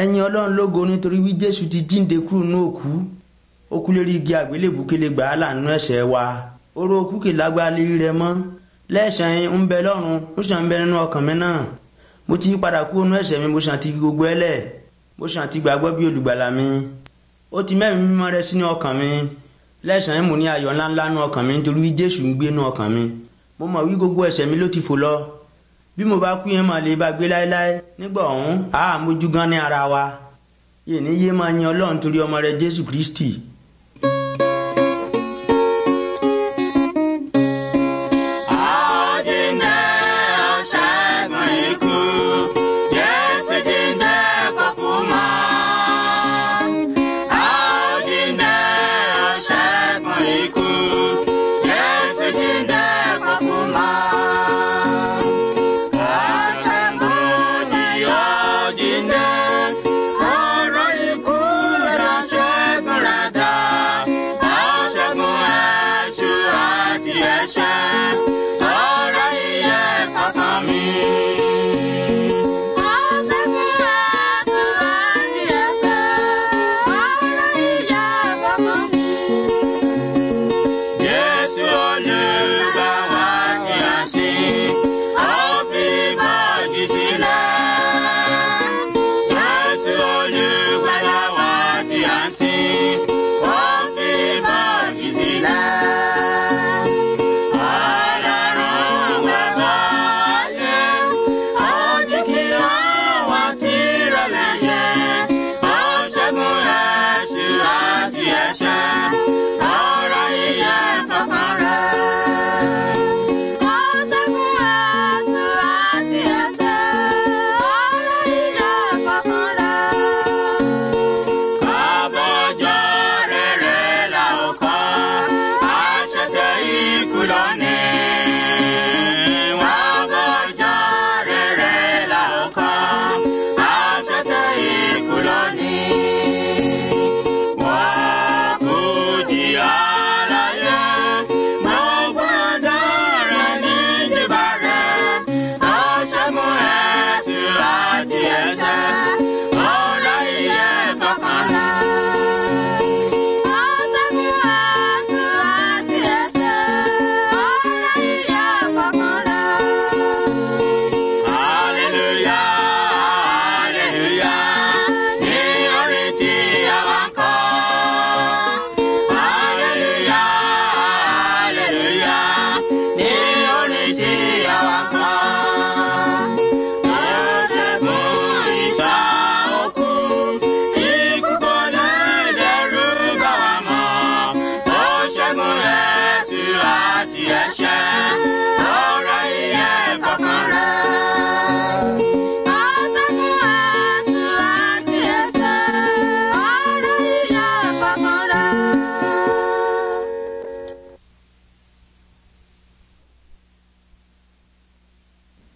ẹ̀yin ọlọ́run lógo nítorí wí jésù ti jíǹde kúrò ní òkú ó kú lérí igi àgbélébù kele gbà á lànà ẹ̀ṣẹ̀ wa oró okú kè lágbá lérí rẹ mọ́ lẹ́sàn ń bẹ lọ́run ó sàn ń bẹ nínú ọkàn mi náà mo ti padà kúrò ní ẹ̀ṣẹ̀ mi mo sàn ti gbogbo ẹlẹ̀ mo sàn ti gbàgbọ́ bí olùgbàlà mi ó ti mẹ́rin mímọ́ rẹ sínú ọkàn mi lẹ́sàn mo ní ayọ̀ ńláńlá nínú ọkàn mi nítorí jésù ń gbé nínú ọkàn mi mo mọ̀ wí gbogbo ẹ̀ṣẹ̀ mi ló ti fò lọ bí mo bá kú yẹn mà lè bá gbé láéláé nígbà ọ̀hún àá mójú gan ní ara wa yìí ní yé máa yan ọlọ́run torí ọmọ rẹ̀ jésù kristi caminho. Yes.